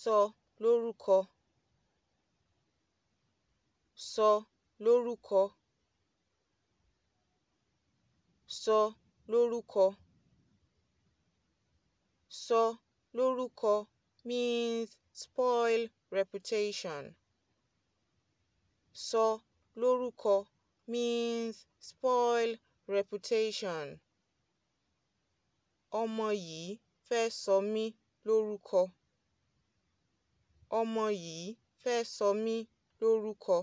sọ lórúkọ sọ lórúkọ sọ lórúkọ sọ lórúkọ means spoil reputation sọ lórúkọ means spoil reputation ọmọ yìí fẹ́ sọ mí lórúkọ Ọmọ yìí fẹ́ sọ mí lórúkọ